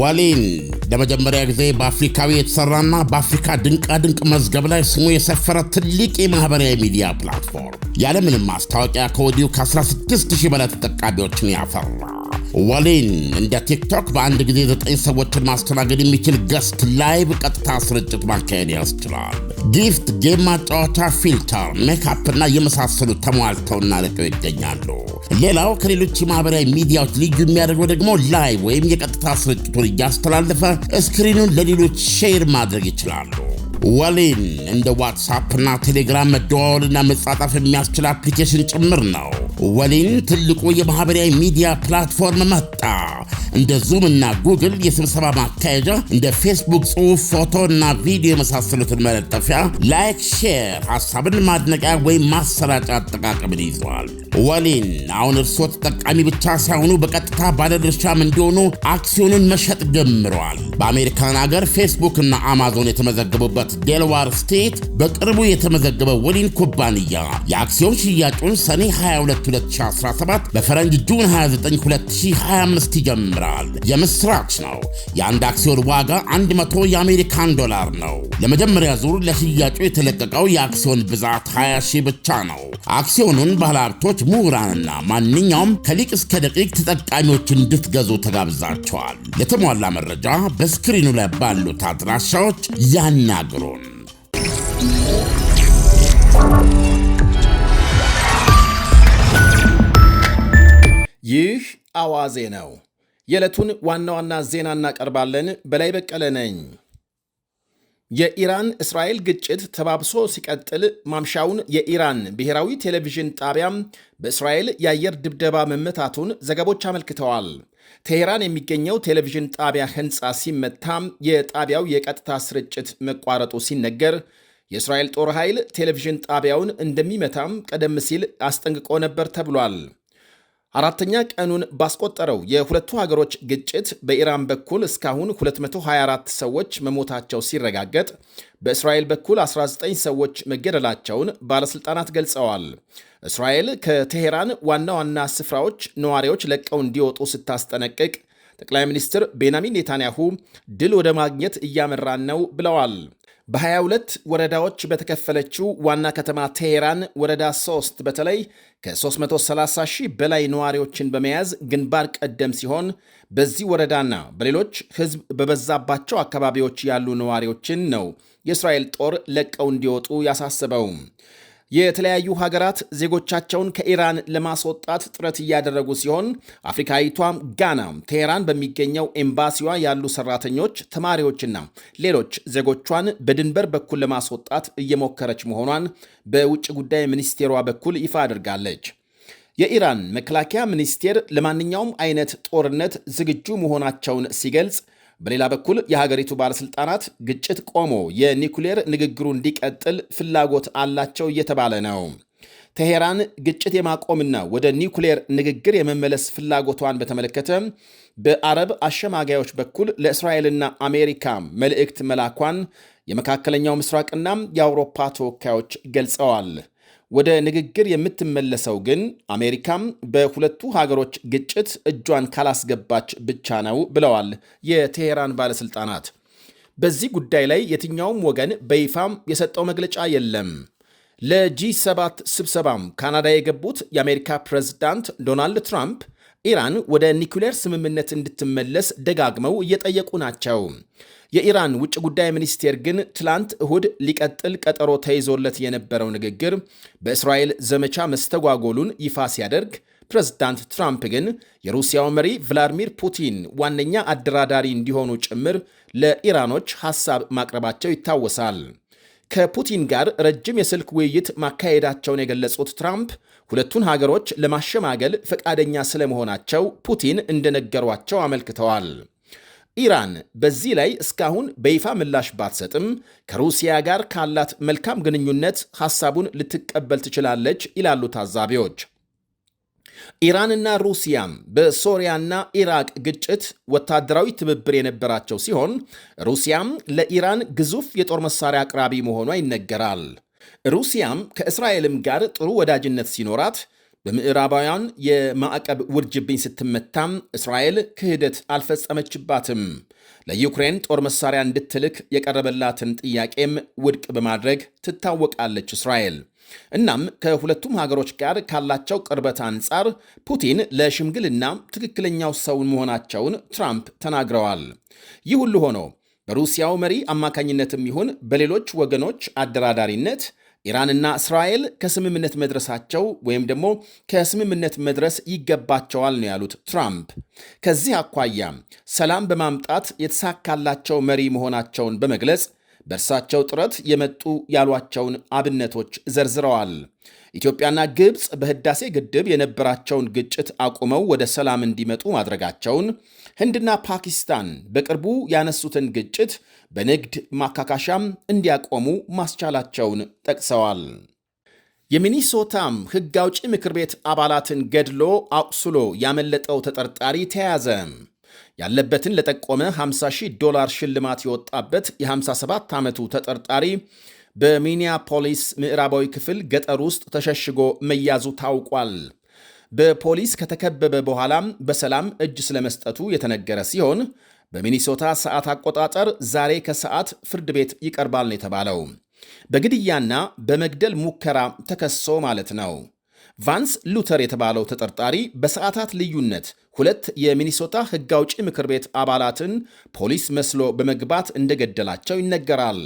ዋሊን ለመጀመሪያ ጊዜ በአፍሪካዊ የተሰራና በአፍሪካ ድንቃድንቅ መዝገብ ላይ ስሙ የሰፈረ ትልቅ የማህበራዊ ሚዲያ ፕላትፎርም ያለምንም ማስታወቂያ ከወዲሁ ከ16 በላይ ተጠቃሚዎችን ያፈራ ወሊን እንደ ቲክቶክ በአንድ ጊዜ ዘጠኝ ሰዎችን ማስተናገድ የሚችል ገስት ላይቭ ቀጥታ ስርጭት ማካሄድ ያስችላል። ጊፍት፣ ጌም ማጫወቻ፣ ፊልተር፣ እና የመሳሰሉ ተሟልተውና ርቀው ይገኛሉ። ሌላው ከሌሎች የማህበራዊ ሚዲያዎች ልዩ የሚያደርገው ደግሞ ላይቭ ወይም የቀጥታ ስርጭቱን እያስተላለፈ ስክሪኑን ለሌሎች ሼር ማድረግ ይችላሉ። ወሊን እንደ እና ቴሌግራም እና መጻጣፍ የሚያስችል አፕሊኬሽን ጭምር ነው። ወሊን ትልቁ የማህበራዊ ሚዲያ ፕላትፎርም መጣ። እንደ ዙም እና ጉግል የስብሰባ ማካሄጃ፣ እንደ ፌስቡክ ጽሑፍ፣ ፎቶ እና ቪዲዮ የመሳሰሉትን መለጠፊያ፣ ላይክ፣ ሼር፣ ሀሳብን ማድነቂያ ወይም ማሰራጫ አጠቃቀምን ይዘዋል። ወሊን አሁን እርስዎ ተጠቃሚ ብቻ ሳይሆኑ በቀጥታ ባለድርሻም እንዲሆኑ አክሲዮንን መሸጥ ጀምረዋል። በአሜሪካን አገር ፌስቡክ እና አማዞን የተመዘገቡበት ዴልዋር ስቴት በቅርቡ የተመዘገበ ወሊን ኩባንያ የአክሲዮን ሽያጩን ሰኔ 22 2017 በፈረንጅ ጁን 29 2025 ይጀምራል። ይጀምራል። የምስራች ነው። የአንድ አክሲዮን ዋጋ 100 የአሜሪካን ዶላር ነው። ለመጀመሪያ ዙር ለሽያጩ የተለቀቀው የአክሲዮን ብዛት 20 ሺህ ብቻ ነው። አክሲዮኑን ባለሀብቶች፣ ምሁራንና ማንኛውም ከሊቅ እስከ ደቂቅ ተጠቃሚዎች እንድትገዙ ተጋብዛቸዋል። ለተሟላ መረጃ በስክሪኑ ላይ ባሉት አድራሻዎች ያናግሩን። ይህ አዋዜ ነው። የዕለቱን ዋና ዋና ዜና እናቀርባለን። በላይ በቀለ ነኝ። የኢራን እስራኤል ግጭት ተባብሶ ሲቀጥል ማምሻውን የኢራን ብሔራዊ ቴሌቪዥን ጣቢያም በእስራኤል የአየር ድብደባ መመታቱን ዘገቦች አመልክተዋል። ቴሄራን የሚገኘው ቴሌቪዥን ጣቢያ ሕንፃ ሲመታ የጣቢያው የቀጥታ ስርጭት መቋረጡ ሲነገር የእስራኤል ጦር ኃይል ቴሌቪዥን ጣቢያውን እንደሚመታም ቀደም ሲል አስጠንቅቆ ነበር ተብሏል። አራተኛ ቀኑን ባስቆጠረው የሁለቱ ሀገሮች ግጭት በኢራን በኩል እስካሁን 224 ሰዎች መሞታቸው ሲረጋገጥ በእስራኤል በኩል 19 ሰዎች መገደላቸውን ባለሥልጣናት ገልጸዋል። እስራኤል ከቴሄራን ዋና ዋና ስፍራዎች ነዋሪዎች ለቀው እንዲወጡ ስታስጠነቅቅ ጠቅላይ ሚኒስትር ቤንያሚን ኔታንያሁ ድል ወደ ማግኘት እያመራን ነው ብለዋል። በ22 ወረዳዎች በተከፈለችው ዋና ከተማ ቴሄራን ወረዳ 3 በተለይ ከ330 ሺህ በላይ ነዋሪዎችን በመያዝ ግንባር ቀደም ሲሆን በዚህ ወረዳና በሌሎች ሕዝብ በበዛባቸው አካባቢዎች ያሉ ነዋሪዎችን ነው የእስራኤል ጦር ለቀው እንዲወጡ ያሳስበው። የተለያዩ ሀገራት ዜጎቻቸውን ከኢራን ለማስወጣት ጥረት እያደረጉ ሲሆን አፍሪካዊቷም ጋና ቴሄራን በሚገኘው ኤምባሲዋ ያሉ ሰራተኞች፣ ተማሪዎችና ሌሎች ዜጎቿን በድንበር በኩል ለማስወጣት እየሞከረች መሆኗን በውጭ ጉዳይ ሚኒስቴሯ በኩል ይፋ አድርጋለች። የኢራን መከላከያ ሚኒስቴር ለማንኛውም አይነት ጦርነት ዝግጁ መሆናቸውን ሲገልጽ በሌላ በኩል የሀገሪቱ ባለስልጣናት ግጭት ቆሞ የኒኩሌር ንግግሩ እንዲቀጥል ፍላጎት አላቸው እየተባለ ነው። ቴሄራን ግጭት የማቆምና ወደ ኒኩሌር ንግግር የመመለስ ፍላጎቷን በተመለከተ በአረብ አሸማጋዮች በኩል ለእስራኤልና አሜሪካ መልእክት መላኳን የመካከለኛው ምስራቅና የአውሮፓ ተወካዮች ገልጸዋል። ወደ ንግግር የምትመለሰው ግን አሜሪካም በሁለቱ ሀገሮች ግጭት እጇን ካላስገባች ብቻ ነው ብለዋል የቴሄራን ባለሥልጣናት። በዚህ ጉዳይ ላይ የትኛውም ወገን በይፋም የሰጠው መግለጫ የለም። ለጂ ሰባት ስብሰባም ካናዳ የገቡት የአሜሪካ ፕሬዝዳንት ዶናልድ ትራምፕ ኢራን ወደ ኒኩሌር ስምምነት እንድትመለስ ደጋግመው እየጠየቁ ናቸው። የኢራን ውጭ ጉዳይ ሚኒስቴር ግን ትላንት እሁድ ሊቀጥል ቀጠሮ ተይዞለት የነበረው ንግግር በእስራኤል ዘመቻ መስተጓጎሉን ይፋ ሲያደርግ ፕሬዝዳንት ትራምፕ ግን የሩሲያው መሪ ቭላድሚር ፑቲን ዋነኛ አደራዳሪ እንዲሆኑ ጭምር ለኢራኖች ሐሳብ ማቅረባቸው ይታወሳል። ከፑቲን ጋር ረጅም የስልክ ውይይት ማካሄዳቸውን የገለጹት ትራምፕ ሁለቱን ሀገሮች ለማሸማገል ፈቃደኛ ስለመሆናቸው ፑቲን እንደነገሯቸው አመልክተዋል። ኢራን በዚህ ላይ እስካሁን በይፋ ምላሽ ባትሰጥም ከሩሲያ ጋር ካላት መልካም ግንኙነት ሐሳቡን ልትቀበል ትችላለች ይላሉ ታዛቢዎች። ኢራንና ሩሲያም በሶሪያና ኢራቅ ግጭት ወታደራዊ ትብብር የነበራቸው ሲሆን ሩሲያም ለኢራን ግዙፍ የጦር መሳሪያ አቅራቢ መሆኗ ይነገራል። ሩሲያም ከእስራኤልም ጋር ጥሩ ወዳጅነት ሲኖራት በምዕራባውያን የማዕቀብ ውርጅብኝ ስትመታም እስራኤል ክህደት አልፈጸመችባትም። ለዩክሬን ጦር መሳሪያ እንድትልክ የቀረበላትን ጥያቄም ውድቅ በማድረግ ትታወቃለች እስራኤል። እናም ከሁለቱም ሀገሮች ጋር ካላቸው ቅርበት አንጻር ፑቲን ለሽምግልና ትክክለኛው ሰውን መሆናቸውን ትራምፕ ተናግረዋል። ይህ ሁሉ ሆኖ በሩሲያው መሪ አማካኝነትም ይሁን በሌሎች ወገኖች አደራዳሪነት ኢራንና እስራኤል ከስምምነት መድረሳቸው ወይም ደግሞ ከስምምነት መድረስ ይገባቸዋል ነው ያሉት ትራምፕ። ከዚህ አኳያ ሰላም በማምጣት የተሳካላቸው መሪ መሆናቸውን በመግለጽ በእርሳቸው ጥረት የመጡ ያሏቸውን አብነቶች ዘርዝረዋል። ኢትዮጵያና ግብፅ በህዳሴ ግድብ የነበራቸውን ግጭት አቁመው ወደ ሰላም እንዲመጡ ማድረጋቸውን፣ ህንድና ፓኪስታን በቅርቡ ያነሱትን ግጭት በንግድ ማካካሻም እንዲያቆሙ ማስቻላቸውን ጠቅሰዋል። የሚኒሶታም ህግ አውጪ ምክር ቤት አባላትን ገድሎ አቁስሎ ያመለጠው ተጠርጣሪ ተያያዘ። ያለበትን ለጠቆመ 50 ሺህ ዶላር ሽልማት የወጣበት የ57 ዓመቱ ተጠርጣሪ በሚኒያፖሊስ ምዕራባዊ ክፍል ገጠር ውስጥ ተሸሽጎ መያዙ ታውቋል። በፖሊስ ከተከበበ በኋላም በሰላም እጅ ስለመስጠቱ የተነገረ ሲሆን በሚኒሶታ ሰዓት አቆጣጠር ዛሬ ከሰዓት ፍርድ ቤት ይቀርባል ነው የተባለው። በግድያና በመግደል ሙከራ ተከሶ ማለት ነው። ቫንስ ሉተር የተባለው ተጠርጣሪ በሰዓታት ልዩነት ሁለት የሚኒሶታ ሕግ አውጪ ምክር ቤት አባላትን ፖሊስ መስሎ በመግባት እንደገደላቸው ይነገራል።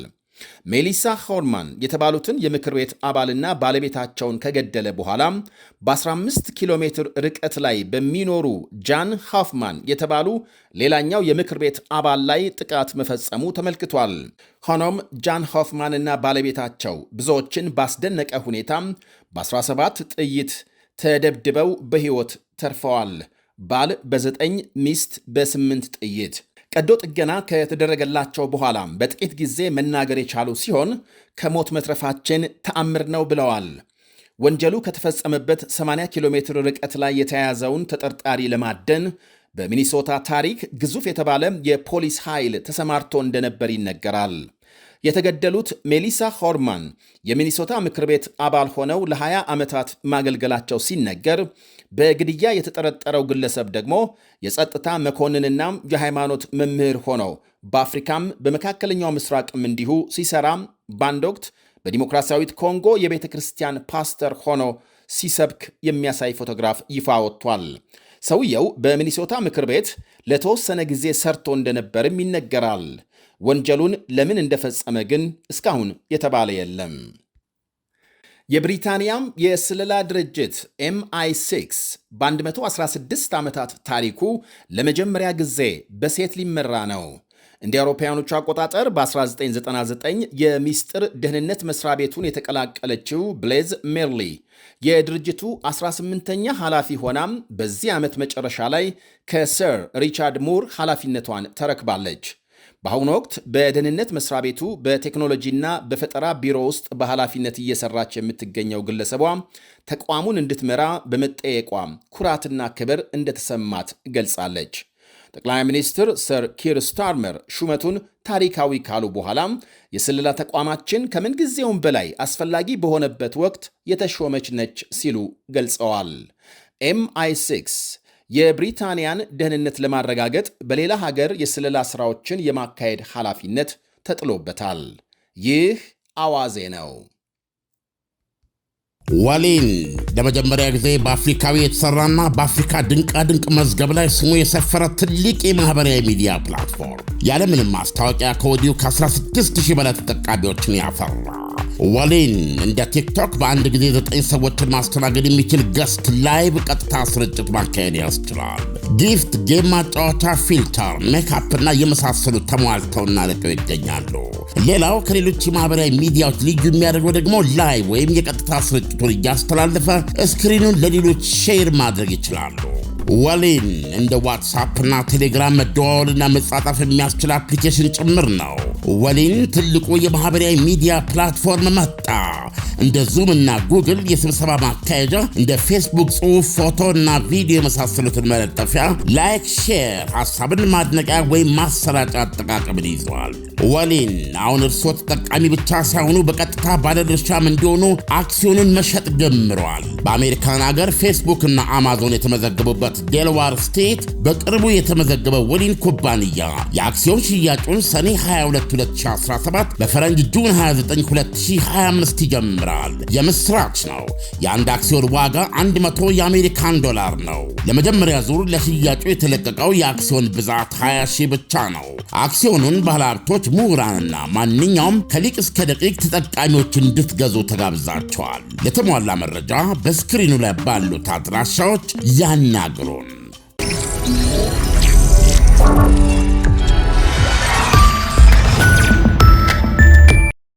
ሜሊሳ ሆርማን የተባሉትን የምክር ቤት አባልና ባለቤታቸውን ከገደለ በኋላ በ15 ኪሎ ሜትር ርቀት ላይ በሚኖሩ ጃን ሃፍማን የተባሉ ሌላኛው የምክር ቤት አባል ላይ ጥቃት መፈጸሙ ተመልክቷል። ሆኖም ጃን ሆፍማንና ባለቤታቸው ብዙዎችን ባስደነቀ ሁኔታ በ17 ጥይት ተደብድበው በሕይወት ተርፈዋል። ባል በዘጠኝ ሚስት በስምንት ጥይት ቀዶ ጥገና ከተደረገላቸው በኋላም በጥቂት ጊዜ መናገር የቻሉ ሲሆን ከሞት መትረፋችን ተአምር ነው ብለዋል። ወንጀሉ ከተፈጸመበት 80 ኪሎ ሜትር ርቀት ላይ የተያያዘውን ተጠርጣሪ ለማደን በሚኒሶታ ታሪክ ግዙፍ የተባለ የፖሊስ ኃይል ተሰማርቶ እንደነበር ይነገራል። የተገደሉት ሜሊሳ ሆርማን የሚኒሶታ ምክር ቤት አባል ሆነው ለ20 ዓመታት ማገልገላቸው ሲነገር፣ በግድያ የተጠረጠረው ግለሰብ ደግሞ የጸጥታ መኮንንና የሃይማኖት መምህር ሆነው በአፍሪካም በመካከለኛው ምስራቅም እንዲሁ ሲሰራም በአንድ ወቅት በዲሞክራሲያዊት ኮንጎ የቤተ ክርስቲያን ፓስተር ሆኖ ሲሰብክ የሚያሳይ ፎቶግራፍ ይፋ ወጥቷል። ሰውየው በሚኒሶታ ምክር ቤት ለተወሰነ ጊዜ ሰርቶ እንደነበርም ይነገራል። ወንጀሉን ለምን እንደፈጸመ ግን እስካሁን የተባለ የለም። የብሪታንያም የስለላ ድርጅት ኤምአይ6 በ116 ዓመታት ታሪኩ ለመጀመሪያ ጊዜ በሴት ሊመራ ነው። እንደ አውሮፓውያኖቹ አቆጣጠር በ1999 የሚስጥር ደህንነት መስሪያ ቤቱን የተቀላቀለችው ብሌዝ ሜርሊ የድርጅቱ 18ኛ ኃላፊ ሆናም በዚህ ዓመት መጨረሻ ላይ ከሰር ሪቻርድ ሙር ኃላፊነቷን ተረክባለች። በአሁኑ ወቅት በደህንነት መስሪያ ቤቱ በቴክኖሎጂና በፈጠራ ቢሮ ውስጥ በኃላፊነት እየሰራች የምትገኘው ግለሰቧ ተቋሙን እንድትመራ በመጠየቋ ኩራትና ክብር እንደተሰማት ገልጻለች። ጠቅላይ ሚኒስትር ሰር ኪር ስታርመር ሹመቱን ታሪካዊ ካሉ በኋላ የስለላ ተቋማችን ከምንጊዜውም በላይ አስፈላጊ በሆነበት ወቅት የተሾመች ነች ሲሉ ገልጸዋል። ኤምአይ 6 የብሪታንያን ደህንነት ለማረጋገጥ በሌላ ሀገር የስለላ ሥራዎችን የማካሄድ ኃላፊነት ተጥሎበታል። ይህ አዋዜ ነው። ዋሌን ለመጀመሪያ ጊዜ በአፍሪካዊ የተሰራና በአፍሪካ ድንቃድንቅ መዝገብ ላይ ስሙ የሰፈረ ትልቅ የማህበራዊ ሚዲያ ፕላትፎርም ያለምንም ማስታወቂያ ከወዲሁ ከ16000 በላይ ተጠቃሚዎችን ያፈራ ወሊን እንደ ቲክቶክ በአንድ ጊዜ ዘጠኝ ሰዎችን ማስተናገድ የሚችል ገስት ላይቭ ቀጥታ ስርጭት ማካሄድ ያስችላል። ጊፍት፣ ጌም ማጫወቻ፣ ፊልተር፣ ሜካፕ እና የመሳሰሉ ተሟልተውና ለቀው ይገኛሉ። ሌላው ከሌሎች የማህበራዊ ሚዲያዎች ልዩ የሚያደርገው ደግሞ ላይቭ ወይም የቀጥታ ስርጭቱን እያስተላለፈ ስክሪኑን ለሌሎች ሼር ማድረግ ይችላሉ። ወሊን እንደ ዋትሳፕና ቴሌግራም መደዋወልና መጻጣፍ የሚያስችል አፕሊኬሽን ጭምር ነው። ወሊን ትልቁ የማህበራዊ ሚዲያ ፕላትፎርም መጣ። ተመረጠ። እንደ ዙም እና ጉግል የስብሰባ ማካሄጃ፣ እንደ ፌስቡክ ጽሑፍ፣ ፎቶ እና ቪዲዮ የመሳሰሉትን መለጠፊያ፣ ላይክ፣ ሼር፣ ሀሳብን ማድነቂያ ወይም ማሰራጫ አጠቃቀምን ይዘዋል። ወሊን አሁን እርስዎ ተጠቃሚ ብቻ ሳይሆኑ በቀጥታ ባለድርሻም እንዲሆኑ አክሲዮንን መሸጥ ጀምረዋል። በአሜሪካን አገር ፌስቡክ እና አማዞን የተመዘገቡበት ዴልዋር ስቴት በቅርቡ የተመዘገበ ወሊን ኩባንያ የአክሲዮን ሽያጩን ሰኔ 22 2017 በፈረንጅ ጁን 29 2025 አምስት ይጀምራል። የምስራች ነው። የአንድ አክሲዮን ዋጋ 100 የአሜሪካን ዶላር ነው። ለመጀመሪያ ዙር ለሽያጩ የተለቀቀው የአክሲዮን ብዛት 20 ሺህ ብቻ ነው። አክሲዮኑን ባለሀብቶች፣ ምሁራንና ማንኛውም ከሊቅ እስከ ደቂቅ ተጠቃሚዎች እንድትገዙ ተጋብዛቸዋል። ለተሟላ መረጃ በስክሪኑ ላይ ባሉት አድራሻዎች ያናግሩን።